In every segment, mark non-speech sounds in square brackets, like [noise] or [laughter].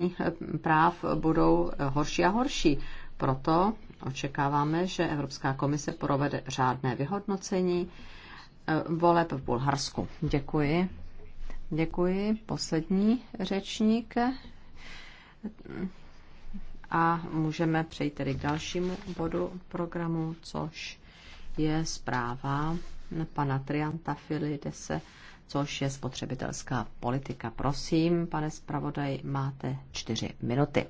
Eh, práv budou eh, horší a horší. Proto očekáváme, že Evropská komise provede řádné vyhodnocení eh, voleb v Bulharsku. Děkuji. Děkuji. Poslední řečník. A můžeme přejít tedy k dalšímu bodu programu, což je zpráva pana kde se což je spotřebitelská politika. Prosím, pane zpravodaj, máte čtyři minuty.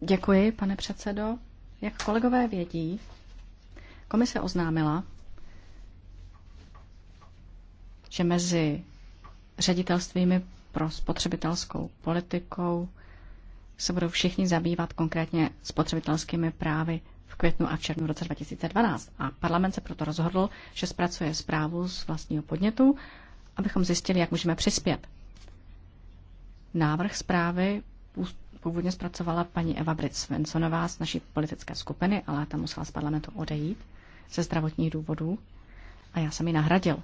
Děkuji, pane předsedo. Jak kolegové vědí, komise oznámila, že mezi ředitelstvími pro spotřebitelskou politikou se budou všichni zabývat konkrétně spotřebitelskými právy květnu a v červnu roce 2012. A parlament se proto rozhodl, že zpracuje zprávu z vlastního podnětu, abychom zjistili, jak můžeme přispět. Návrh zprávy původně zpracovala paní Eva Britz Svensonová z naší politické skupiny, ale ta musela z parlamentu odejít ze zdravotních důvodů a já jsem ji nahradil.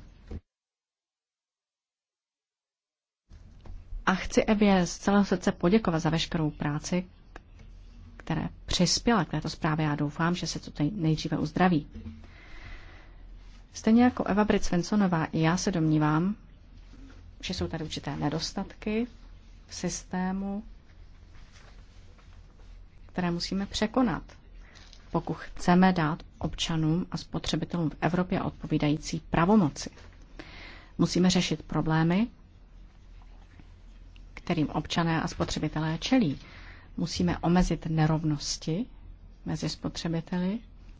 A chci Evě z celého srdce poděkovat za veškerou práci, které přispěla k této zprávě. Já doufám, že se to tady nejdříve uzdraví. Stejně jako Eva Brit Svensonová, i já se domnívám, že jsou tady určité nedostatky v systému, které musíme překonat, pokud chceme dát občanům a spotřebitelům v Evropě odpovídající pravomoci. Musíme řešit problémy, kterým občané a spotřebitelé čelí. Musíme omezit nerovnosti mezi spotřebiteli,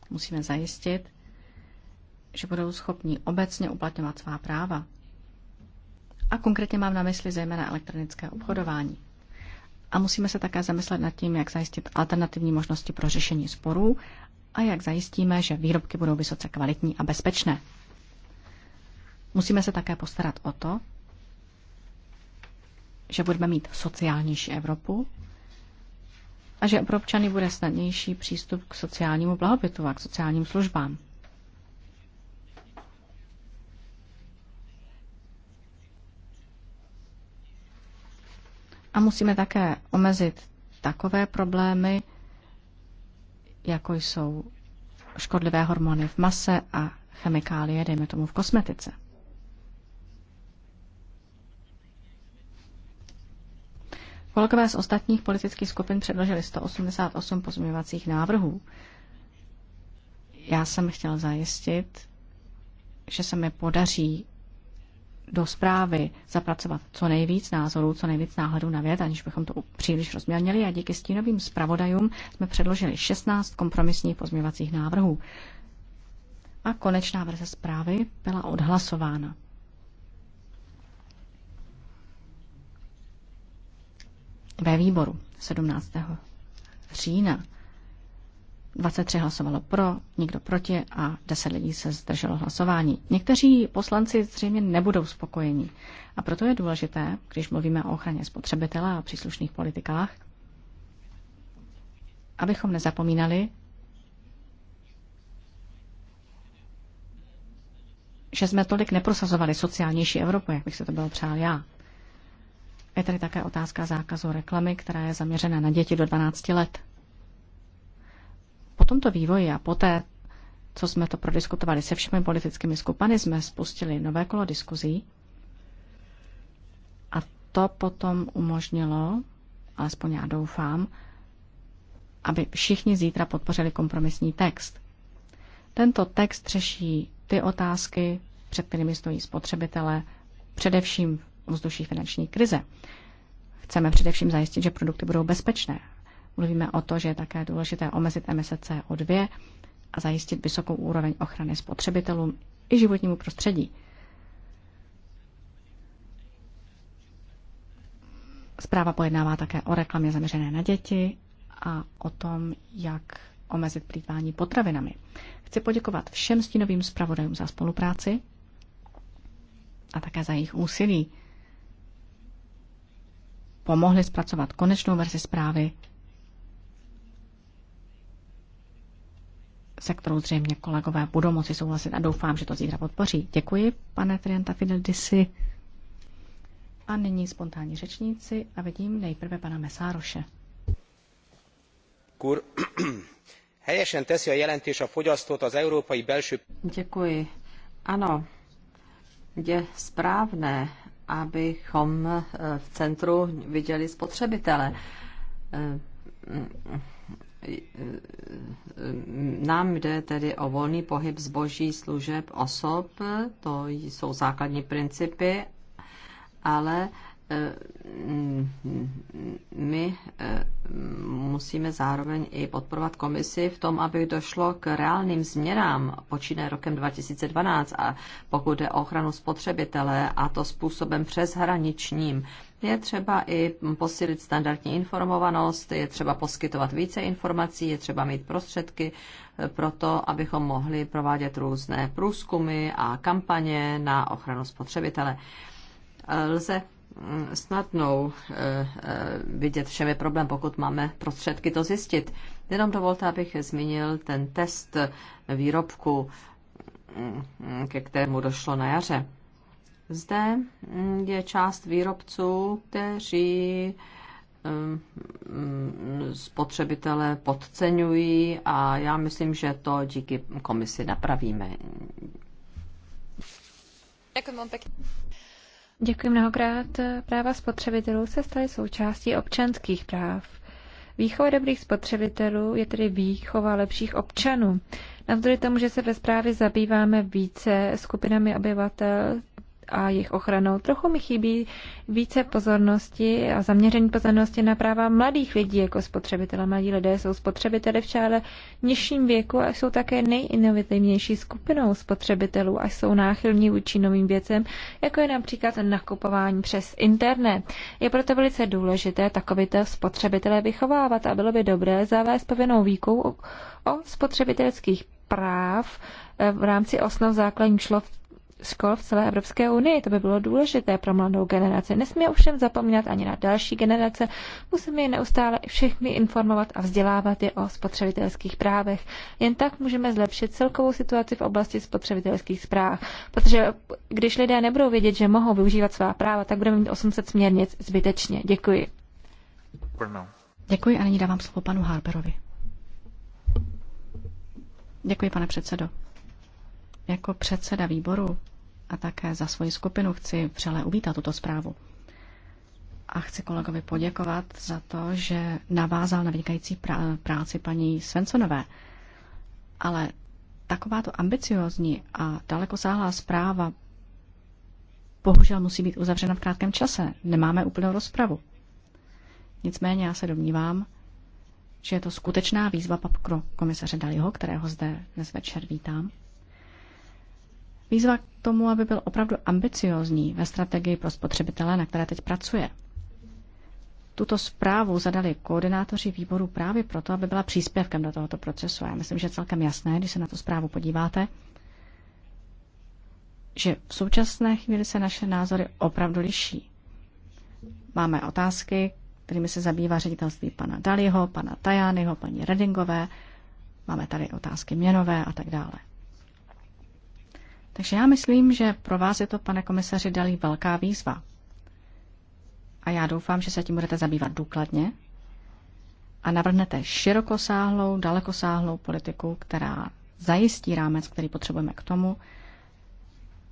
musíme zajistit, že budou schopni obecně uplatňovat svá práva. A konkrétně mám na mysli zejména elektronické obchodování. A musíme se také zamyslet nad tím, jak zajistit alternativní možnosti pro řešení sporů a jak zajistíme, že výrobky budou vysoce kvalitní a bezpečné. Musíme se také postarat o to, že budeme mít sociálnější Evropu a že pro občany bude snadnější přístup k sociálnímu blahobytu a k sociálním službám. A musíme také omezit takové problémy, jako jsou škodlivé hormony v mase a chemikálie, dejme tomu v kosmetice. Kolegové z ostatních politických skupin předložili 188 pozměňovacích návrhů. Já jsem chtěl zajistit, že se mi podaří do zprávy zapracovat co nejvíc názorů, co nejvíc náhledů na věd, aniž bychom to příliš rozmělnili. A díky stínovým zpravodajům jsme předložili 16 kompromisních pozměvacích návrhů. A konečná verze zprávy byla odhlasována. ve výboru 17. října. 23 hlasovalo pro, nikdo proti a 10 lidí se zdrželo hlasování. Někteří poslanci zřejmě nebudou spokojeni a proto je důležité, když mluvíme o ochraně spotřebitele a příslušných politikách, abychom nezapomínali, že jsme tolik neprosazovali sociálnější Evropu, jak bych se to byl přál já. Je tady také otázka zákazu reklamy, která je zaměřena na děti do 12 let. Po tomto vývoji a poté, co jsme to prodiskutovali se všemi politickými skupiny, jsme spustili nové kolo diskuzí a to potom umožnilo, alespoň já doufám, aby všichni zítra podpořili kompromisní text. Tento text řeší ty otázky, před kterými stojí spotřebitele, především ovzduší finanční krize. Chceme především zajistit, že produkty budou bezpečné. Mluvíme o to, že je také důležité omezit emise CO2 a zajistit vysokou úroveň ochrany spotřebitelům i životnímu prostředí. Zpráva pojednává také o reklamě zaměřené na děti a o tom, jak omezit plýtvání potravinami. Chci poděkovat všem stínovým zpravodajům za spolupráci a také za jejich úsilí pomohli zpracovat konečnou verzi zprávy, se kterou zřejmě kolegové budou moci souhlasit a doufám, že to zítra podpoří. Děkuji, pane Trianta Fideldisi. A nyní spontánní řečníci a vidím nejprve pana Mesároše. Kur, [clears throat] helyesen teszi a jelentés a fogyasztót az európai belső... Děkuji. Ano, je správné, abychom eh, v centru viděli spotřebitele. Eh, eh, nám jde tedy o volný pohyb zboží, služeb, osob, to jsou základní principy, ale Eh, my eh, musíme zároveň i podporovat komisi v tom, aby došlo k reálným změnám počínaje rokem 2012 a pokud je o ochranu spotřebitele a to způsobem přeshraničním. Je třeba i posílit standardní informovanost, je třeba poskytovat více informací, je třeba mít prostředky eh, pro to, abychom mohli provádět různé průzkumy a kampaně na ochranu spotřebitele. Lze snadnou eh, eh, vidět je problém, pokud máme prostředky to zjistit. Jenom dovolte, abych zmínil ten test výrobku, mm, ke kterému došlo na jaře. Zde mm, je část výrobců, kteří mm, spotřebitele podceňují a já myslím, že to díky komisi napravíme. Děkuji vám pěkně. Děkuji mnohokrát. Práva spotřebitelů se staly součástí občanských práv. Výchova dobrých spotřebitelů je tedy výchova lepších občanů. Navzdory tomu, že se ve zprávě zabýváme více skupinami obyvatel, a jejich ochranou. Trochu mi chybí více pozornosti a zaměření pozornosti na práva mladých lidí jako spotřebitele. Mladí lidé jsou spotřebiteli v čále nižším věku a jsou také nejinovativnější skupinou spotřebitelů a jsou náchylní vůči novým věcem, jako je například nakupování přes internet. Je proto velice důležité takovýto spotřebitele vychovávat a bylo by dobré zavést povinnou výkou o spotřebitelských práv eh, v rámci osnov základních člov škol v celé Evropské unii. To by bylo důležité pro mladou generaci. Nesmíme ovšem zapomínat ani na další generace. Musíme je neustále všechny informovat a vzdělávat je o spotřebitelských právech. Jen tak můžeme zlepšit celkovou situaci v oblasti spotřebitelských zpráv. Protože když lidé nebudou vědět, že mohou využívat svá práva, tak budeme mít 800 směrnic zbytečně. Děkuji. Děkuji a nyní dávám slovo panu Harperovi. Děkuji, pane předsedo. Jako předseda výboru a také za svoji skupinu chci přele uvítat tuto zprávu. A chci kolegovi poděkovat za to, že navázal na vynikající práci paní Svensonové. Ale takováto ambiciozní a dalekosáhlá zpráva bohužel musí být uzavřena v krátkém čase. Nemáme úplnou rozpravu. Nicméně já se domnívám, že je to skutečná výzva pro komisaře Daliho, kterého zde dnes večer vítám. Výzva k tomu, aby byl opravdu ambiciózní ve strategii pro spotřebitele, na které teď pracuje. Tuto zprávu zadali koordinátoři výboru právě proto, aby byla příspěvkem do tohoto procesu. Já myslím, že je celkem jasné, když se na tu zprávu podíváte, že v současné chvíli se naše názory opravdu liší. Máme otázky, kterými se zabývá ředitelství pana Daliho, pana Tajányho, paní Redingové. Máme tady otázky měnové a tak dále. Takže já myslím, že pro vás je to, pane komisaři, dalí velká výzva. A já doufám, že se tím budete zabývat důkladně a navrhnete širokosáhlou, dalekosáhlou politiku, která zajistí rámec, který potřebujeme k tomu,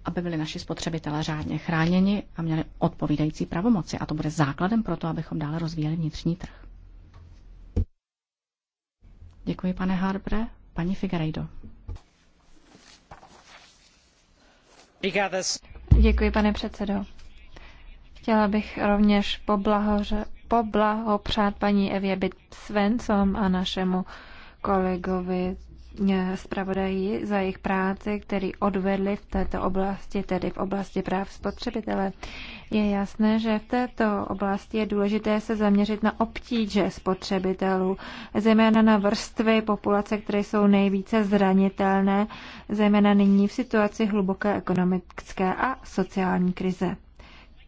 aby byli naši spotřebitelé řádně chráněni a měli odpovídající pravomoci. A to bude základem pro to, abychom dále rozvíjeli vnitřní trh. Děkuji, pane Harbre. Paní Figueiredo. Děkuji, pane předsedo. Chtěla bych rovněž poblahoře, poblahopřát paní Evě Svensson a našemu kolegovi Eh, zpravodaji za jejich práci, který odvedli v této oblasti, tedy v oblasti práv spotřebitele. Je jasné, že v této oblasti je důležité se zaměřit na obtíže spotřebitelů, zejména na vrstvy populace, které jsou nejvíce zranitelné, zejména nyní v situaci hluboké ekonomické a sociální krize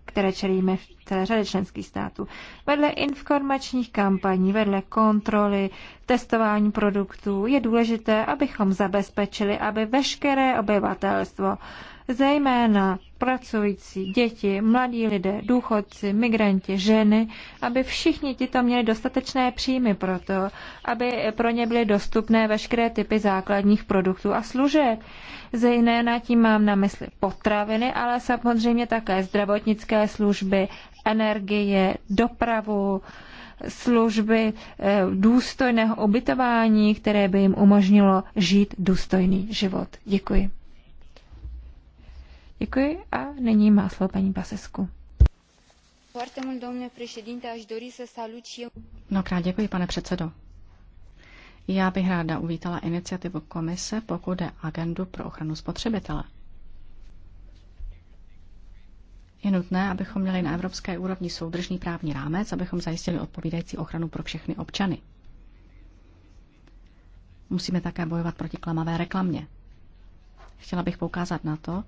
které čelíme v celé řadě členských států. Vedle informačních kampaní, vedle kontroly, testování produktů je důležité, abychom zabezpečili, aby veškeré obyvatelstvo zejména pracující, děti, mladí lidé, důchodci, migranti, ženy, aby všichni tito měli dostatečné příjmy pro to, aby pro ně byly dostupné veškeré typy základních produktů a služeb. Zejména tím mám na mysli potraviny, ale samozřejmě také zdravotnické služby, energie, dopravu, služby eh, důstojného ubytování, které by jim umožnilo žít důstojný život. Děkuji. Děkuji a nyní má slovo paní Basesku. Mnohokrát děkuji, pane předsedo. Já bych ráda uvítala iniciativu komise, pokud jde agendu pro ochranu spotřebitele. Je nutné, abychom měli na evropské úrovni soudržný právní rámec, abychom zajistili odpovídající ochranu pro všechny občany. Musíme také bojovat proti klamavé reklamě. Chtěla bych poukázat na to,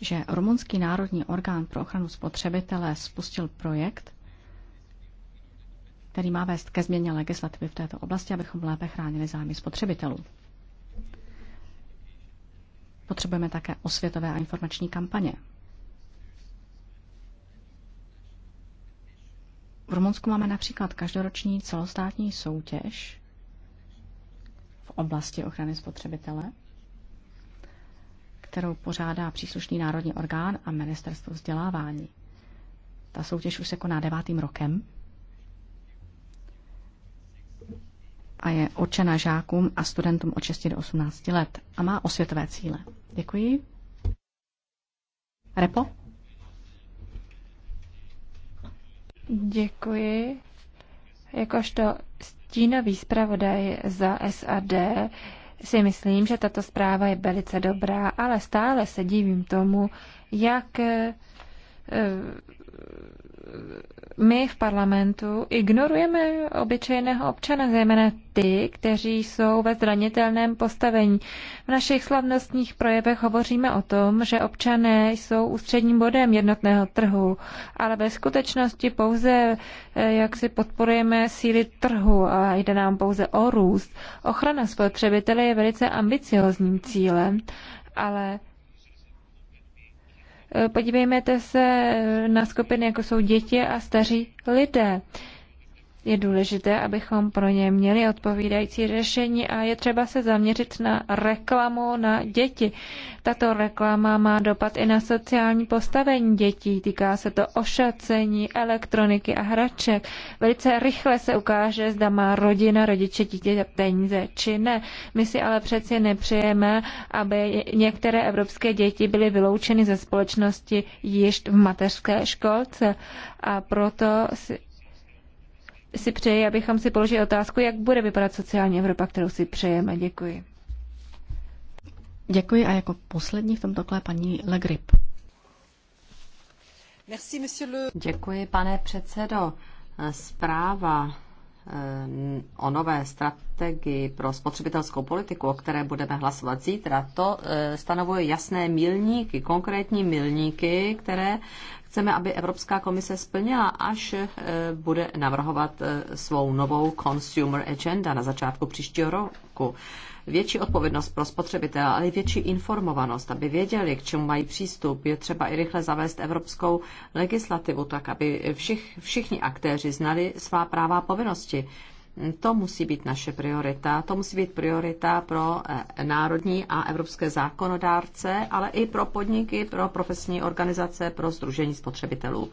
že Rumunský národní orgán pro ochranu spotřebitele spustil projekt, který má vést ke změně legislativy v této oblasti, abychom lépe chránili zájmy spotřebitelů. Potřebujeme také osvětové a informační kampaně. V Rumunsku máme například každoroční celostátní soutěž v oblasti ochrany spotřebitele kterou pořádá příslušný národní orgán a ministerstvo vzdělávání. Ta soutěž už se koná devátým rokem a je určena žákům a studentům od 6 do 18 let a má osvětové cíle. Děkuji. Repo? Děkuji. Jakožto stínový zpravodaj za SAD si myslím, že tato zpráva je velice dobrá, ale stále se divím tomu, jak eh, my v parlamentu ignorujeme obyčejného občana, zejména ty, kteří jsou ve zranitelném postavení. V našich slavnostních projevech hovoříme o tom, že občané jsou ústředním bodem jednotného trhu, ale ve skutečnosti pouze eh, jak si podporujeme síly trhu a jde nám pouze o růst. Ochrana spotřebitele je velice ambiciozním cílem, ale Podívejme se na skupiny, jako jsou děti a staří lidé je důležité, abychom pro ně měli odpovídající řešení a je třeba se zaměřit na reklamu na děti. Tato reklama má dopad i na sociální postavení dětí. Týká se to ošacení, elektroniky a hraček. Velice rychle se ukáže, zda má rodina, rodiče, dítě peníze či ne. My si ale přeci nepřejeme, aby některé evropské děti byly vyloučeny ze společnosti již v mateřské školce. A proto si si přeji, abychom si položili otázku, jak bude vypadat sociální Evropa, kterou si přejeme. Děkuji. Děkuji a jako poslední v tomto kole paní Legrip. Děkuji, pane předsedo. Zpráva Eh, o nové strategii pro spotřebitelskou politiku, o které budeme hlasovat zítra, to eh, stanovuje jasné milníky, konkrétní milníky, které chceme, aby Evropská komise splnila, až eh, bude navrhovat svou novou Consumer Agenda na začátku příštího roku větší odpovědnost pro spotřebitele, ale i větší informovanost, aby věděli, k čemu mají přístup. Je třeba i rychle zavést evropskou legislativu, tak aby všich, všichni aktéři znali svá práva a povinnosti. To musí být naše priorita. To musí být priorita pro eh, národní a evropské zákonodárce, ale i pro podniky, pro profesní organizace, pro združení spotřebitelů.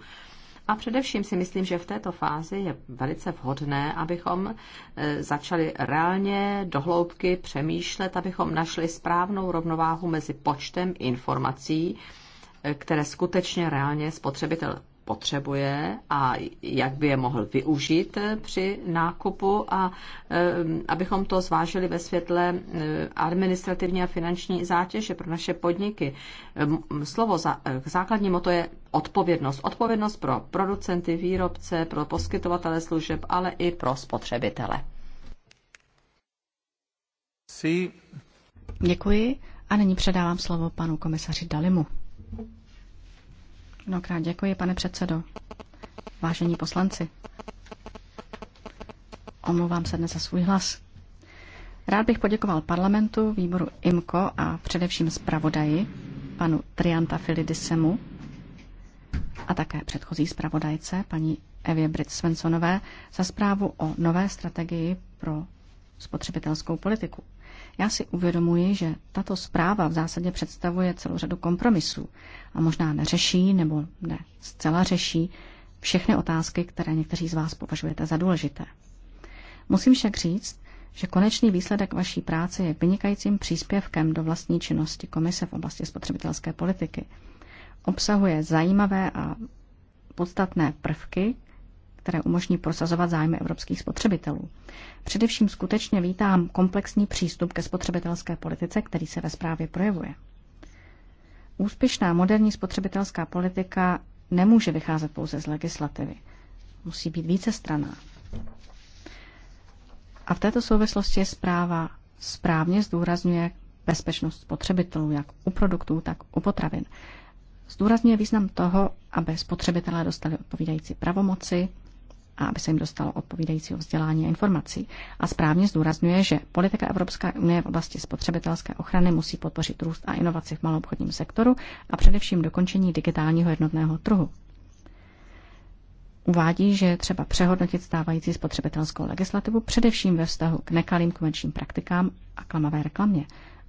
A především si myslím, že v této fázi je velice vhodné, abychom e, začali reálně dohloubky přemýšlet, abychom našli správnou rovnováhu mezi počtem informací, e, které skutečně reálně spotřebitel potřebuje a jak by je mohl využít při nákupu a eh, abychom to zvážili ve světle eh, administrativní a finanční zátěže pro naše podniky. Slovo eh, základní moto je odpovědnost. Odpovědnost pro producenty, výrobce, pro poskytovatele služeb, ale i pro spotřebitele. Děkuji a nyní předávám slovo panu komisaři Dalimu. Mnohokrát děkuji, pane předsedo. Vážení poslanci, omlouvám se dnes za svůj hlas. Rád bych poděkoval parlamentu, výboru IMCO a především zpravodaji, panu Trianta Filidisemu a také předchozí zpravodajce, paní Evě Brit Svensonové, za zprávu o nové strategii pro spotřebitelskou politiku. Já si uvědomuji, že tato zpráva v zásadě představuje celou řadu kompromisů a možná neřeší nebo ne zcela řeší všechny otázky, které někteří z vás považujete za důležité. Musím však říct, že konečný výsledek vaší práce je vynikajícím příspěvkem do vlastní činnosti Komise v oblasti spotřebitelské politiky. Obsahuje zajímavé a podstatné prvky, které umožní prosazovat zájmy evropských spotřebitelů. Především skutečně vítám komplexní přístup ke spotřebitelské politice, který se ve zprávě projevuje. Úspěšná moderní spotřebitelská politika nemůže vycházet pouze z legislativy. Musí být více straná. A v této souvislosti zpráva správně zdůrazňuje bezpečnost spotřebitelů, jak u produktů, tak u potravin. Zdůrazňuje význam toho, aby spotřebitelé dostali odpovídající pravomoci, a aby se jim dostalo odpovídajícího vzdělání a informací. A správně zdůrazňuje, že politika Evropské unie v oblasti spotřebitelské ochrany musí podpořit růst a inovaci v maloobchodním sektoru a především dokončení digitálního jednotného trhu. Uvádí, že je třeba přehodnotit stávající spotřebitelskou legislativu především ve vztahu k nekalým komerčním praktikám a klamavé reklamě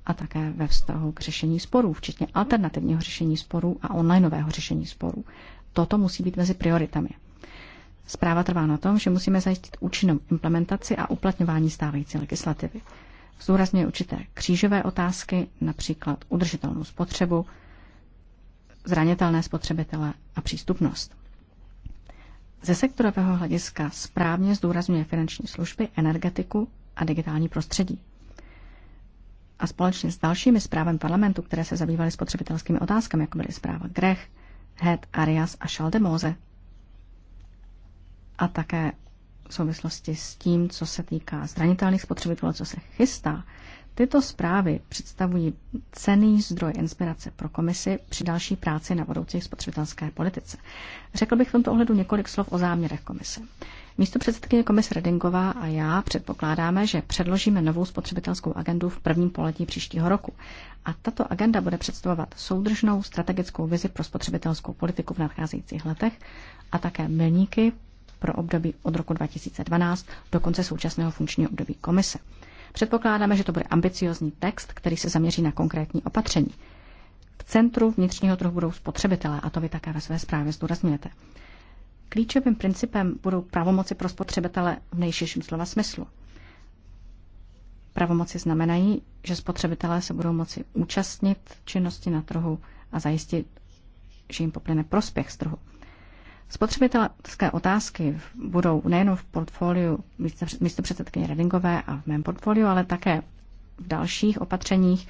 a také ve vztahu k řešení sporů, včetně alternativního řešení sporů a onlineového řešení sporů. Toto musí být mezi prioritami. Zpráva trvá na tom, že musíme zajistit účinnou implementaci a uplatňování stávající legislativy. Zdůrazňuje určité křížové otázky, například udržitelnou spotřebu, zranitelné spotřebitele a přístupnost. Ze sektorového hlediska správně zdůrazňuje finanční služby, energetiku a digitální prostředí. A společně s dalšími zprávami parlamentu, které se zabývaly spotřebitelskými otázkami, jako byly zpráva Grech, Het, Arias a Schaldemose, a také v souvislosti s tím, co se týká zranitelných spotřebitelů, co se chystá, tyto zprávy představují cený zdroj inspirace pro komisi při další práci na budoucí spotřebitelské politice. Řekl bych v tomto ohledu několik slov o záměrech komise. Místo předsedkyně komise Redingová a já předpokládáme, že předložíme novou spotřebitelskou agendu v prvním poletí příštího roku. A tato agenda bude představovat soudržnou strategickou vizi pro spotřebitelskou politiku v nadcházejících letech a také milníky pro období od roku 2012 do konce současného funkčního období komise. Předpokládáme, že to bude ambiciozní text, který se zaměří na konkrétní opatření. V centru vnitřního trhu budou spotřebitelé a to vy také ve své zprávě zdůrazňujete. Klíčovým principem budou pravomoci pro spotřebitele v nejširším slova smyslu. Pravomoci znamenají, že spotřebitelé se budou moci účastnit činnosti na trhu a zajistit, že jim poplyne prospěch z trhu. Spotřebitelské otázky budou nejen v portfoliu místo předsedkyně Redingové a v mém portfoliu, ale také v dalších opatřeních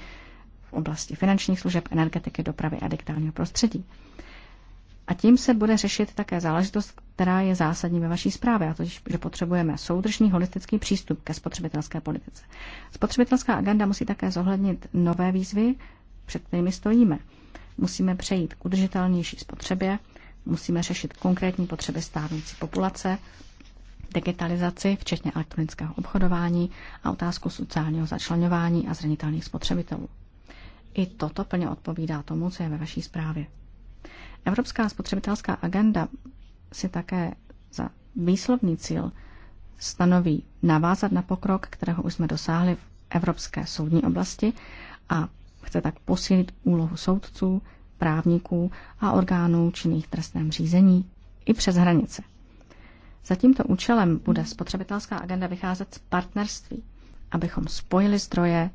v oblasti finančních služeb, energetiky, dopravy a digitálního prostředí. A tím se bude řešit také záležitost, která je zásadní ve vaší zprávě, a to, že potřebujeme soudržný holistický přístup ke spotřebitelské politice. Spotřebitelská agenda musí také zohlednit nové výzvy, před kterými stojíme. Musíme přejít k udržitelnější spotřebě, Musíme řešit konkrétní potřeby stávající populace, digitalizaci, včetně elektronického obchodování a otázku sociálního začlenování a zranitelných spotřebitelů. I toto plně odpovídá tomu, co je ve vaší zprávě. Evropská spotřebitelská agenda si také za výslovný cíl stanoví navázat na pokrok, kterého už jsme dosáhli v evropské soudní oblasti a chce tak posílit úlohu soudců, právníků a orgánů činných trestném řízení i přes hranice. Za tímto účelem bude spotřebitelská agenda vycházet z partnerství, abychom spojili zdroje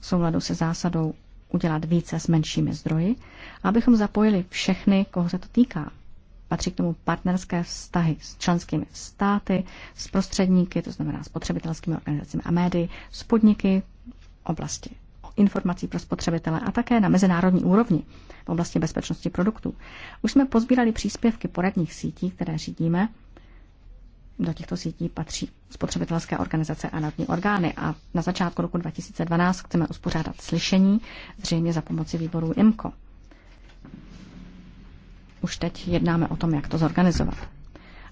v souladu se zásadou udělat více s menšími zdroji abychom zapojili všechny, koho se to týká. Patří k tomu partnerské vztahy s členskými státy, s prostředníky, to znamená spotřebitelskými organizacemi a médii, s podniky, oblasti informací pro spotřebitele a také na mezinárodní úrovni v oblasti bezpečnosti produktů. Už jsme pozbírali příspěvky poradních sítí, které řídíme. Do těchto sítí patří spotřebitelské organizace a národní orgány a na začátku roku 2012 chceme uspořádat slyšení, zřejmě za pomoci výboru IMCO. Už teď jednáme o tom, jak to zorganizovat.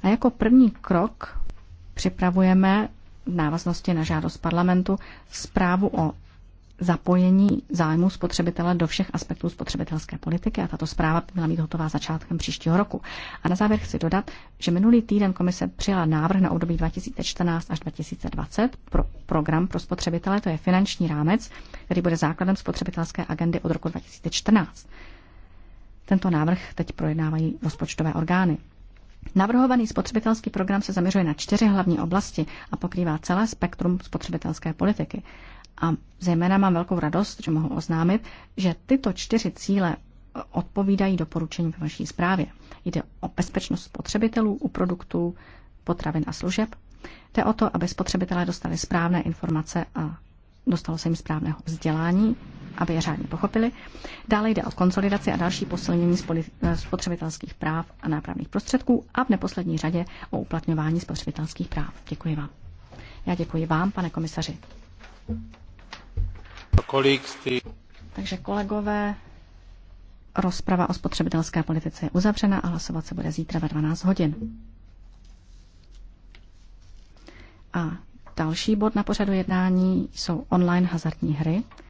A jako první krok připravujeme v návaznosti na žádost parlamentu zprávu o zapojení zájmu spotřebitele do všech aspektů spotřebitelské politiky a tato zpráva by měla být hotová začátkem příštího roku. A na závěr chci dodat, že minulý týden komise přijala návrh na období 2014 až 2020 pro program pro spotřebitele, to je finanční rámec, který bude základem spotřebitelské agendy od roku 2014. Tento návrh teď projednávají rozpočtové orgány. Navrhovaný spotřebitelský program se zaměřuje na čtyři hlavní oblasti a pokrývá celé spektrum spotřebitelské politiky. A zejména mám velkou radost, že mohu oznámit, že tyto čtyři cíle odpovídají doporučení ve vaší zprávě. Jde o bezpečnost spotřebitelů u produktů, potravin a služeb. Jde o to, aby spotřebitelé dostali správné informace a dostalo se jim správného vzdělání, aby je řádně pochopili. Dále jde o konsolidaci a další posilnění eh, spotřebitelských práv a nápravných prostředků a v neposlední řadě o uplatňování spotřebitelských práv. Děkuji vám. Já děkuji vám, pane komisaři. Takže kolegové, rozprava o spotřebitelské politice je uzavřena a hlasovat se bude zítra ve 12 hodin. A další bod na pořadu jednání jsou online hazardní hry.